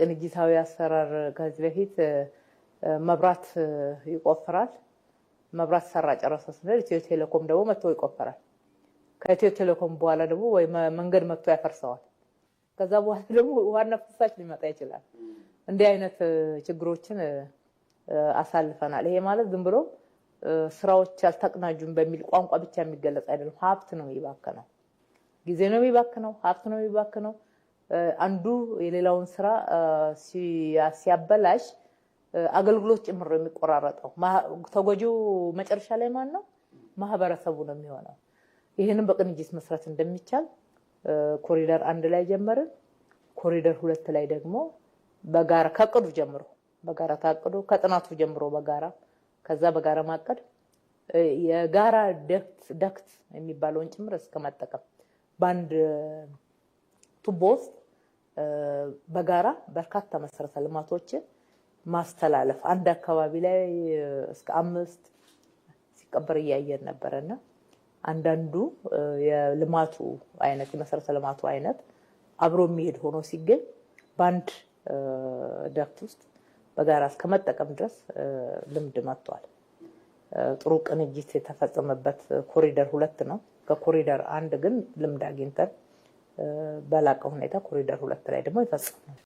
ቅንጅታዊ አሰራር ከዚህ በፊት መብራት ይቆፍራል። መብራት ሰራ ጨረሰ ስንል ኢትዮ ቴሌኮም ደግሞ መጥቶ ይቆፈራል። ከኢትዮ ቴሌኮም በኋላ ደግሞ ወይ መንገድ መጥቶ ያፈርሰዋል። ከዛ በኋላ ደግሞ ዋና ፍሳሽ ሊመጣ ይችላል። እንዲህ አይነት ችግሮችን አሳልፈናል። ይሄ ማለት ዝም ብሎ ስራዎች አልተቅናጁም በሚል ቋንቋ ብቻ የሚገለጽ አይደለም። ሀብት ነው የሚባክነው፣ ጊዜ ነው የሚባክነው፣ ሀብት ነው የሚባክነው አንዱ የሌላውን ስራ ሲያበላሽ አገልግሎት ጭምር የሚቆራረጠው ተጎጂው መጨረሻ ላይ ማን ነው? ማህበረሰቡ ነው የሚሆነው። ይህንም በቅንጅት መስራት እንደሚቻል ኮሪደር አንድ ላይ ጀመርን። ኮሪደር ሁለት ላይ ደግሞ በጋራ ከቅዱ ጀምሮ በጋራ ታቅዶ ከጥናቱ ጀምሮ በጋራ ከዛ በጋራ ማቀድ የጋራ ደክት የሚባለውን ጭምር እስከ መጠቀም በአንድ ቱቦ ውስጥ በጋራ በርካታ መሰረተ ልማቶችን ማስተላለፍ አንድ አካባቢ ላይ እስከ አምስት ሲቀበር እያየን ነበረና አንዳንዱ የልማቱ አይነት የመሰረተ ልማቱ አይነት አብሮ የሚሄድ ሆኖ ሲገኝ በአንድ ደክት ውስጥ በጋራ እስከ መጠቀም ድረስ ልምድ መጥቷል። ጥሩ ቅንጅት የተፈጸመበት ኮሪደር ሁለት ነው። ከኮሪደር አንድ ግን ልምድ አግኝተን በላቀ ሁኔታ ኮሪደር ሁለት ላይ ደግሞ ይፈጽማል።